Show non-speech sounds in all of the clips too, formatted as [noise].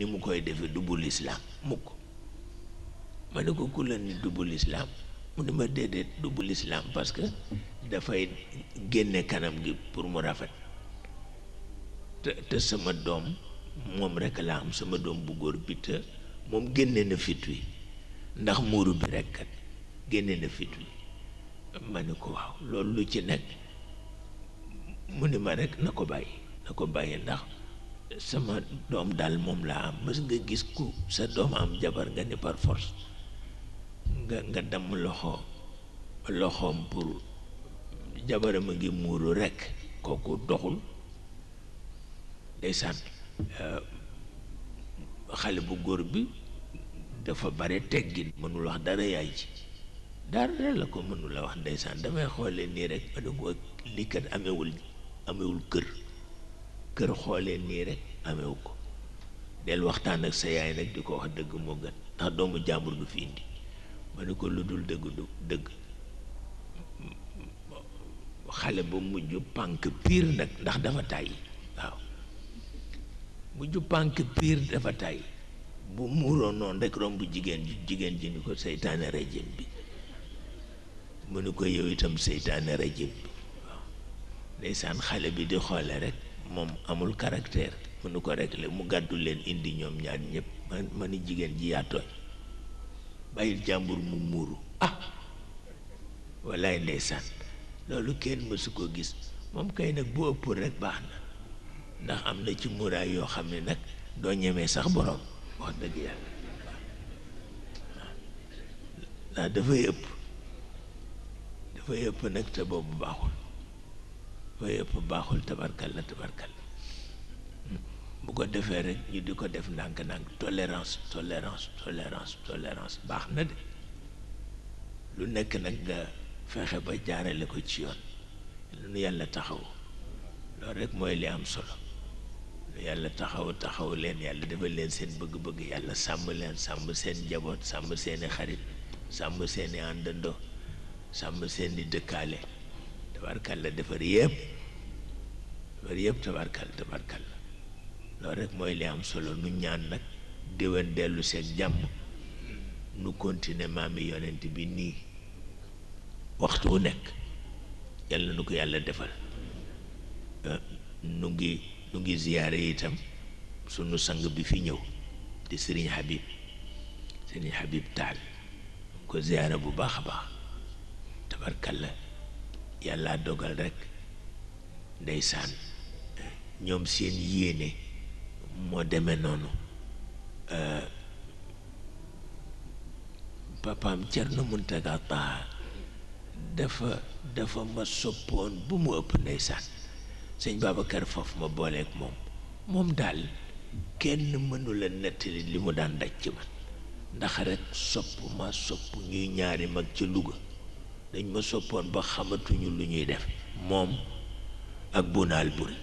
ni mu koy defee dubbu lislaam mukk ma ne ko kulla ni dubbu lislaam mu ni ma déedéet dubbu lislaam parce que dafay génne kanam gi pour mu rafet te te sama doom moom rek laa am sama doom bu góor bi te moom génne na fit wi ndax muuru bi rek kat génne na fit wi ma ne ko waaw loolu lu ci nekk mu ni ma rekk na ko bàyyi na ko bàyyi ndax sama doom daal moom laa am mës nga gis ku sa doom am jabar nga ni par nga nga damm loxo loxoom pour jabaram a ngi muuru rekk kooku doxul ndeysaan euh, xale bu góor bi dafa bare teggin mënul wax dara yaay ci dara la ko mënula wax ndeysaan damay xoolee nii rek ma ne amewul amewul kër kër xoolee nii rek amewu ko del waxtaan ak sa yaay nag di ko wax dëgg moo gën ndax doomu jàmbur du fi indi ma ko lu dul dëgg du dëgg xale ba mujj pànk piir nag ndax dafa tàyyi waaw mujj pànk piir dafa tàyyi bu muuroo noonu rek romb jigéen ji jigéen ji ni ko seytaane rajim bi mu ne ko yow itam seytaane rajim bi waaw ndeysaan xale bi di xoole rek moom amul caractère mënu ko régler mu gàddu leen indi ñoom ñaar ñëpp ma ma ni jigéen ji yaa tooñ bàyyil jàmbur mu muuru ah walaay ndeysaan loolu kenn mësu koo gis moom kay nag bu ëpp rek baax na ndax am na ci muraay yoo xam ne nag doo ñemee sax boroom wax dëgg yàlla ndax dafay ëpp dafay ëpp nag te boobu baaxul yooyu yëpp baaxul tabarkal la tabarkal bu ko defee rek ñu di ko def ndànk-ndànk tolérance tolérance tolérance tolérance baax na de lu nekk nag nga fexe ba jaarale ko ci yoon lu yàlla taxaw loolu rek mooy li am solo lu yàlla taxaw taxaw leen yàlla defal leen seen bëgg-bëgg yàlla sàmm leen sàmm seen jaboot sàmm seeni xarit sàmm seeni àndandoo sàmm seeni dëkkaale tabarkalla defar yëpp defar yëpp tabarkalla tabarkalla loolu rek mooy li am solo nu ñaan nag déwén dellu seen jàmm nu continuer maami yonent bi nii waxtu wu nekk yàlla nu ko yàlla defal eh, nu ngi nu ngi ziyaare itam sunu sang bi fi ñëw di sëriñ Habib sëriñ Habib Taal ko ziyaare bu baax a baax tabarkalla yàlla dogal rekk ndeysaan ñoom seen yéene moo demee noonu euh, papaam Cerno Muntaga Taha dafa dafa ma soppoon bu mu ëpp ndeysaan sëñ Babacar foofu ma booleeg moom moom daal kenn mënula nettali li mu daan daj ci man ndax rekk sopp ma ñuy ñaari mag ci Louga dañ ma soppoon ba xamatuñu lu ñuy def moom ak bunaal buri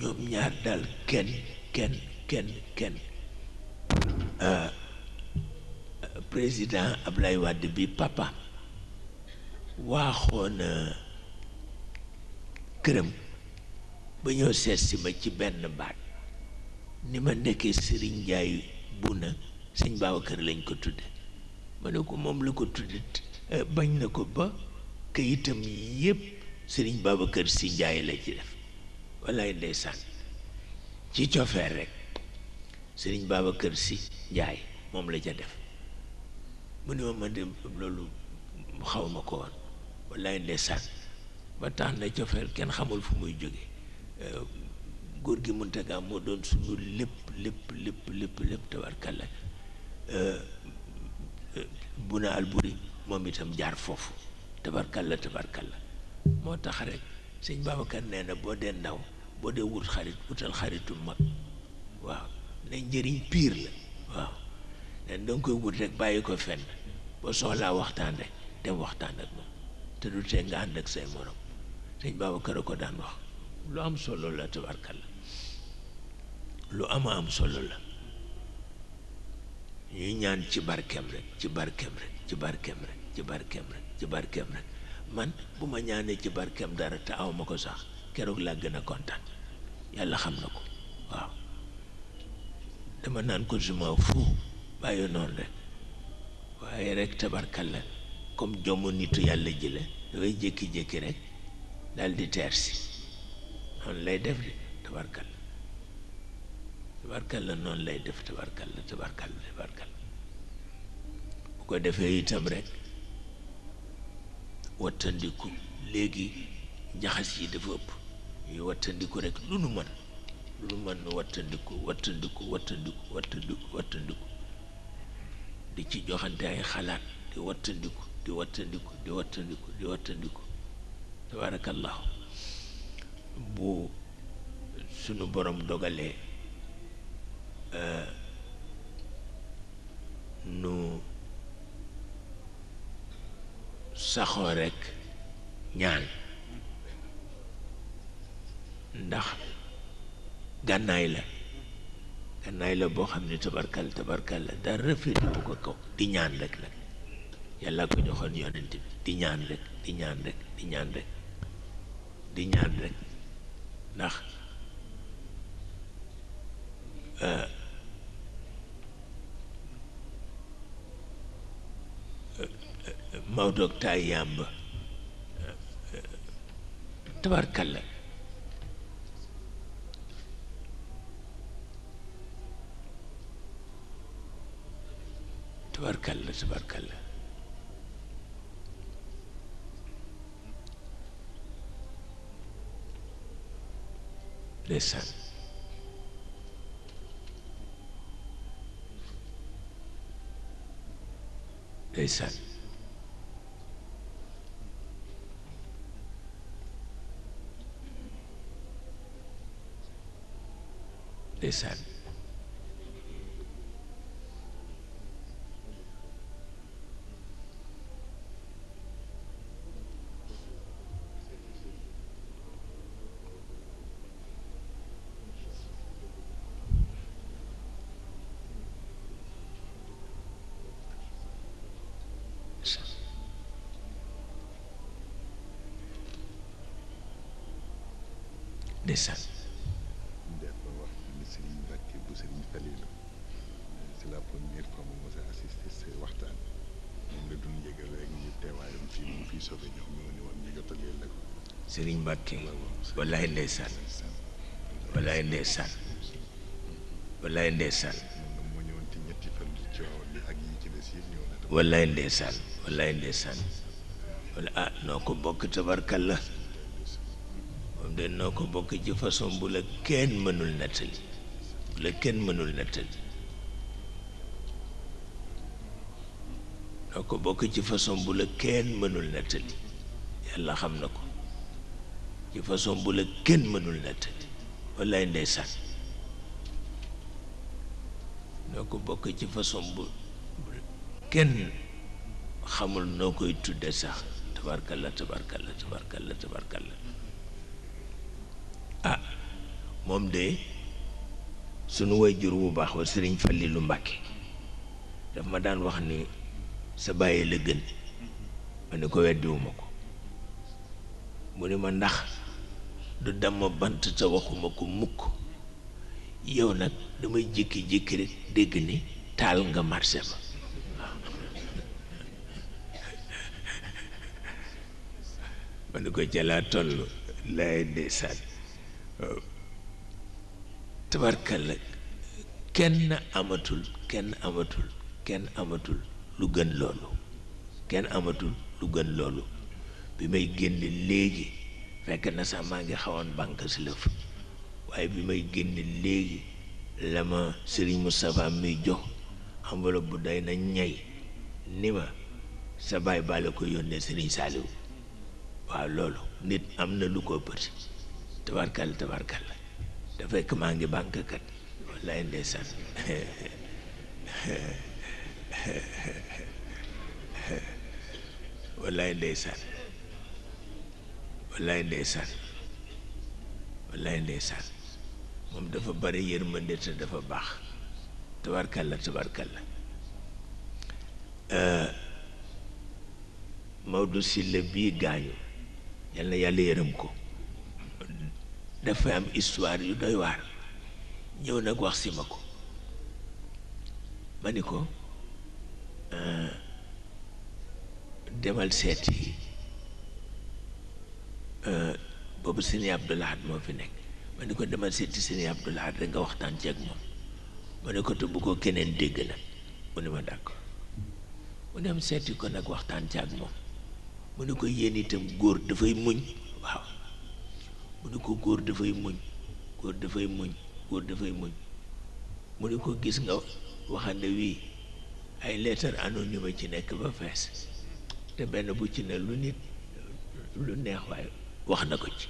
ñoom ñaar daal kenn kenn kenn kenn euh, président Ablaye Wade bi papa waaxoon euh, këram ba ñëw seet si ma ci benn baat ni ma nekkee sëriñ Njaay bu na sëñ Babacar lañ ko tudde ma ne ko moom la ko tudde Eh, bañ na ko ba kayitam yépp sëriñ kër Si Njaay la ci def wallaay ndeysaan ci cofeer rek sëriñ kër Si Njaay moom la ca def mu ne ma ma dem loolu xaw ma ko woon wallaay ndeysaan ba tax na cofeer kenn xamul fu muy jóge eh, góor gi Muntaga moo doon suñu lépp lépp lépp lépp lépp tabarkalla eh, bu alburi moom itam jaar foofu tabarkalla la moo tax rek sëñ Babacar nee na boo dee ndaw boo dee wut xarit wutal xaritu mag waaw ne njëriñ piir la waaw nen danga koy wut rek bàyyi ko fenn boo soxlaa waxtaan rek dem waxtaan ak moom te du tee nga ànd ak say morom sëñ Babacar a ko daan wax lu am solo la tabarkalla lu ama am solo la ñuy ñaan ci barkeem rek ci barkeem rek ci barkeem rek ci barkeem rek ci barkeem rek man bu ma ñaanee ci barkem dara te aw ma ko sax keroog laa gën a kontaan yàlla xam na ko waaw dama naan ko suma fu bàyyi noonu rek waaye rek tabarkal la comme jommu nitu yàlla ji la dafay jékki-jékki rek daal di teer si noonu lay def de tabarkal la tabarkal la noonu lay def tabarkal la tabarkal la tabarkal ko defee itam rek wattandiku léegi jaxas yi dafa ëpp ñuy wattandiku rek lu nu mën lu nu mën nu wattandiku wattandiku wattandiku wattandiku di ci joxante ay xalaat di di wattandiku di wattandiku di wattandiku tabarakallahu bu sunu borom dogalee euh, nu saxoo rek ñaan ndax gànnaay la gànnaay la boo xam ne tabarkal tabarkal la dara rafet bu ko kaw di ñaan rek nag yàlla ko joxoon yonent bi di ñaan rek di ñaan rek di ñaan rek ndax euh, Maodo ak Taay Yàmb tabarkalla tabarkalla tabarkalla ndeysaan ndeysaan they said. Listen. première Moussa assisté say waxtaan moom la doon yëgal rek ñu teewaayam fii mu fii sofe ñoom ñoo ne woon ñu jotal yéen la ko Sëriñ Mbàkke wallaay ndeysaan wallaay ndeysaan wallaay ndeysaan moo ñëwoon ci ñetti fan di coow li ak yi ci des yëpp ñëw na wallaay ndeysaan wallaay ndeysaan wala ah noo ko bokk tabarkal la moom de noo ko bokk ci façon bu la kenn mënul nettali bu la kenn mënul nettali noo ko bokk ci façon bu la kenn mënul nettali yàlla xam na ko ci façon bu la kenn mënul nettali wallaay ndeysaan noo ko bokk ci façon bu kenn xamul noo koy tudde sax tabarkalla tabarkalla tabarkalla tabarkalla ah moom de sunu way jur wu baax wa sëriñ Fallilu Mbàkke daf ma daan wax ni sa bàyyi la gën ma ne ko weddiwuma ko mu ne ma ndax du dama bant te waxuma ko mukk yow nag damay jékki-jékki rek dégg ni taal nga marché ba [laughs] ma ne ko jalaa toll lay ndeysaan tabarkal la kenn amatul kenn amatul kenn amatul lu gën loolu kenn amatul lu gën loolu bi may génn léegi fekk na sax maa ngi xawoon banque si lëf waaye bi may génn léegi la ma Serigne Moustapha mi jox enveloppe bu day nañ ñay ni ma sa baay baale ko yónnee Serigne Saliou waaw loolu nit am na lu ko bëri tabarkal tabarkal la fekk maa ngi banque kat wallaay ndeysaan [laughs] [laughs] wallaay ndeysaan wallaay ndeysaan wallaay ndeysaan moom dafa bari yërmande te dafa baax tabarkalla tabarkalla euh, Maodo Sylla bii gaañu yal na yàlla yërëm ko dafa am histoire yu doy waar ñëw nag wax si ma ko ma ni ko Euh, demal seeti euh, boobu sëñ Abdou moo fi nekk ma ne ko demal seeti sëñ Abdou Lahad nga waxtaan ci ak moom ma ne ko te bu ko keneen dégg nag mu ne ma d'accord mu dem seeti ko nag waxtaan ci ak moom mu ne ko yéen itam góor dafay muñ waaw mu ne ko góor dafay muñ góor dafay muñ góor dafay muñ mu ne ko gis nga waxande wii ay lettres ma ci nekk ba fees te benn bu ci ne lu nit lu neex waay wax na ko ci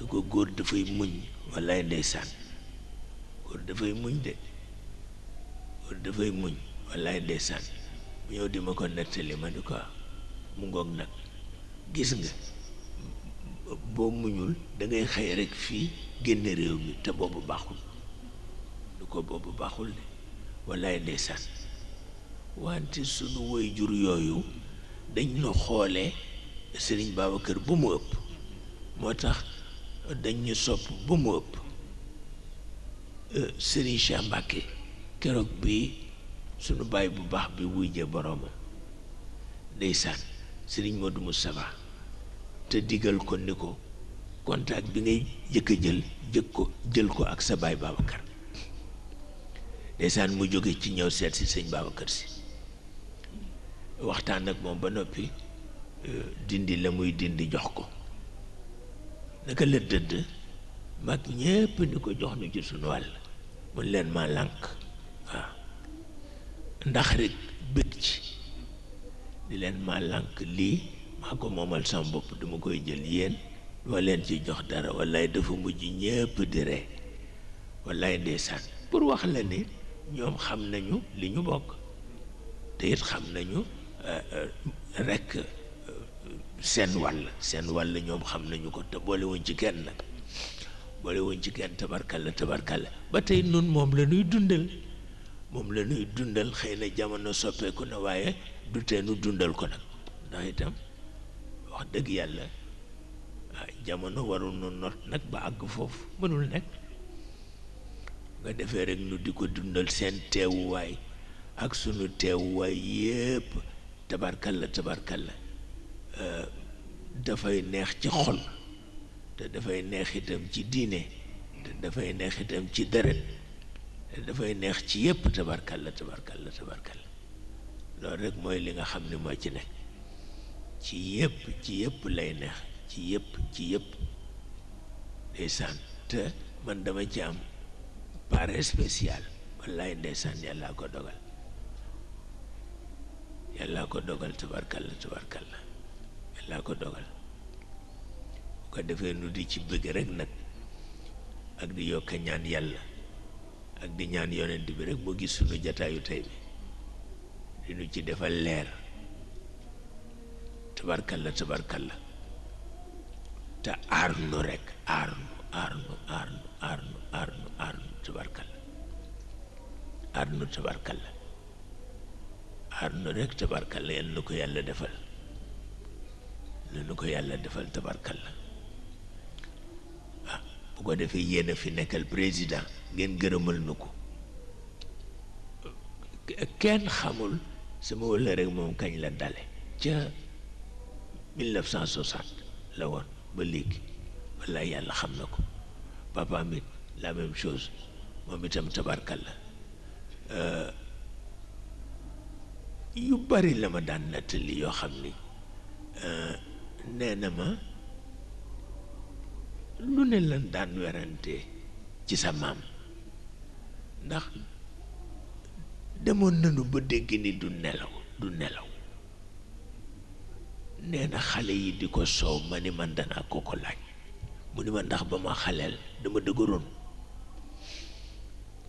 lu ko góor dafay muñ wallaay ndeysaan góor dafay muñ de muñ wallaay ndeysaan bu ñëw di ma ko nettali ma ni ko mu ngoog nag gis nga boo muñul da ngay xëy rekk fii génn réew mi te boobu baaxul lu ko boobu baaxul de wallaay ndeysaan wante sunu woy jur yooyu dañ ñu xoolee sëriñ Babacar bu mu ëpp moo tax dañ ñu sopp bu mu ëpp euh, sëriñ Cheikh Mbacke keroog bi sunu baay bu baax bi wuy jë boroomam ndeysaan sëriñ Modou Moustapha te digal ko ni ko contact bi ngay jëkk jël jëkk ko jël ko ak sa baay Babacar ndeysaan mu jóge ci ñëw seet si sëñ Babacar si waxtaan ak moom ba noppi euh, dindi la muy dindi jox ko naka la dëdd mag ñépp ni ko jox nu ci sunu wàll mun leen ma lànk waaw bëgg ci di leen ma lànk lii maa ko moomal sama bopp duma koy jël yéen duma leen ci jox dara wallaay dafa mujj ñépp di ree wallaay ndeysaan pour wax la ni ñoom xam nañu li ñu bokk te it xam nañu rekk euh, seen wàll seen wàll ñoom xam nañu ko te boole ci kenn nag boole ci kenn tabarkalla tabarkalla ba tey nun moom la ñuy dundal moom la nuy dundal xëy jamono soppeeku na waaye du teenu dundal ko nag ndax itam wax dëgg yàlla ah, jamono warul nu not nag ba àgg foofu mënul nekk nga defee rek nu di ko dundal seen teewuwaay ak sunu teewuwaay yépp tabarkal la tabarkalla tabarkalla euh, dafay neex ci xol te dafay neex itam ci diine te dafay neex itam ci deret te dafay neex ci yépp tabarkalla tabarkalla tabarkalla loolu rek mooy li nga xam ne moo ci nekk ci yépp ci yépp lay neex ci yépp ci yépp ndeysaan te man dama ci am part spéciale wallaay ndeysaan yàllaa ko dogal yàllaa ko dogal tabarkalla tabarkalla yàllaa ko dogal bu ko defee nu di ci bëgg rek nag ak di yokk ñaan yàlla ak di ñaan yonent bi rek mu gis sunu jataayu tey bi di nu ci defal leer tabarkalla tabarkalla te aar nu rek aar nu aar nu aar nu aar nu aar nu aar nu tabarkalla aar nu tabarkalla Haruna rek la yal na ko yàlla defal yal na ko yàlla defal tabarkal la ah, bu ko defee yéen a fi nekkal président ngeen gërëmal nu ko kenn xamul sama wala rek moom kañ la dale ca 1960 la woon ba léegi wallaay yàlla xam na ko papa mit la même chose moom itam tabarkalla euh, yu bari la ma daan nettali yoo xam ni euh, nee ma lu ne lan daan werante ci sa maam ndax demoon nañu ba dégg ni du nelaw du nelaw nee na xale yi di ko soow ma ne man danaa ko ko laaj mu ni ma ndax ba ma xaleel dama dëgëroon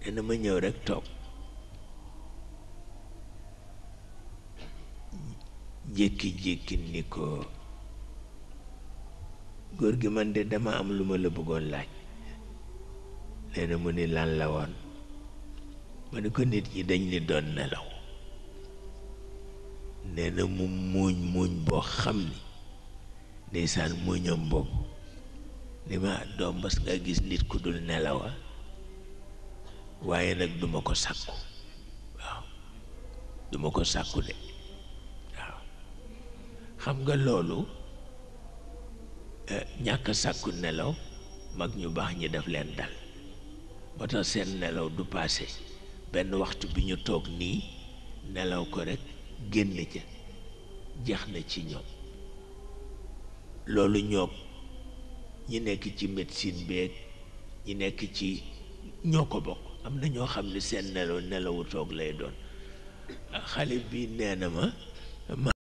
nee na ma ñëw rekk toog jékki-jékki ni ko góor gi man de dama am lu ma la bëggoon laaj nee na mu ni lan la woon ma ni ko nit ñi dañ ni doon nelaw nee na mu muuñ muuñ boo xam ni ndeysaan muuñam boobu ni ma doom mas nga gis nit ku dul nelawa ah? waaye nag duma ko sàkku waaw duma ko sàkku de xam nga loolu eh, ñàkk sàkku nelaw mag ñu baax ñi def leen dal ba tax seen nelaw du paase benn waxtu bi ñu toog nii nelaw ko rekk génn ca jeex na ci ñoom loolu ñoog ñi nekk ci médecine beeg ñi nekk ci ñoo ko bokk am na ñoo xam ni seen nelaw nelawu toog lay doon xale bi nee na ma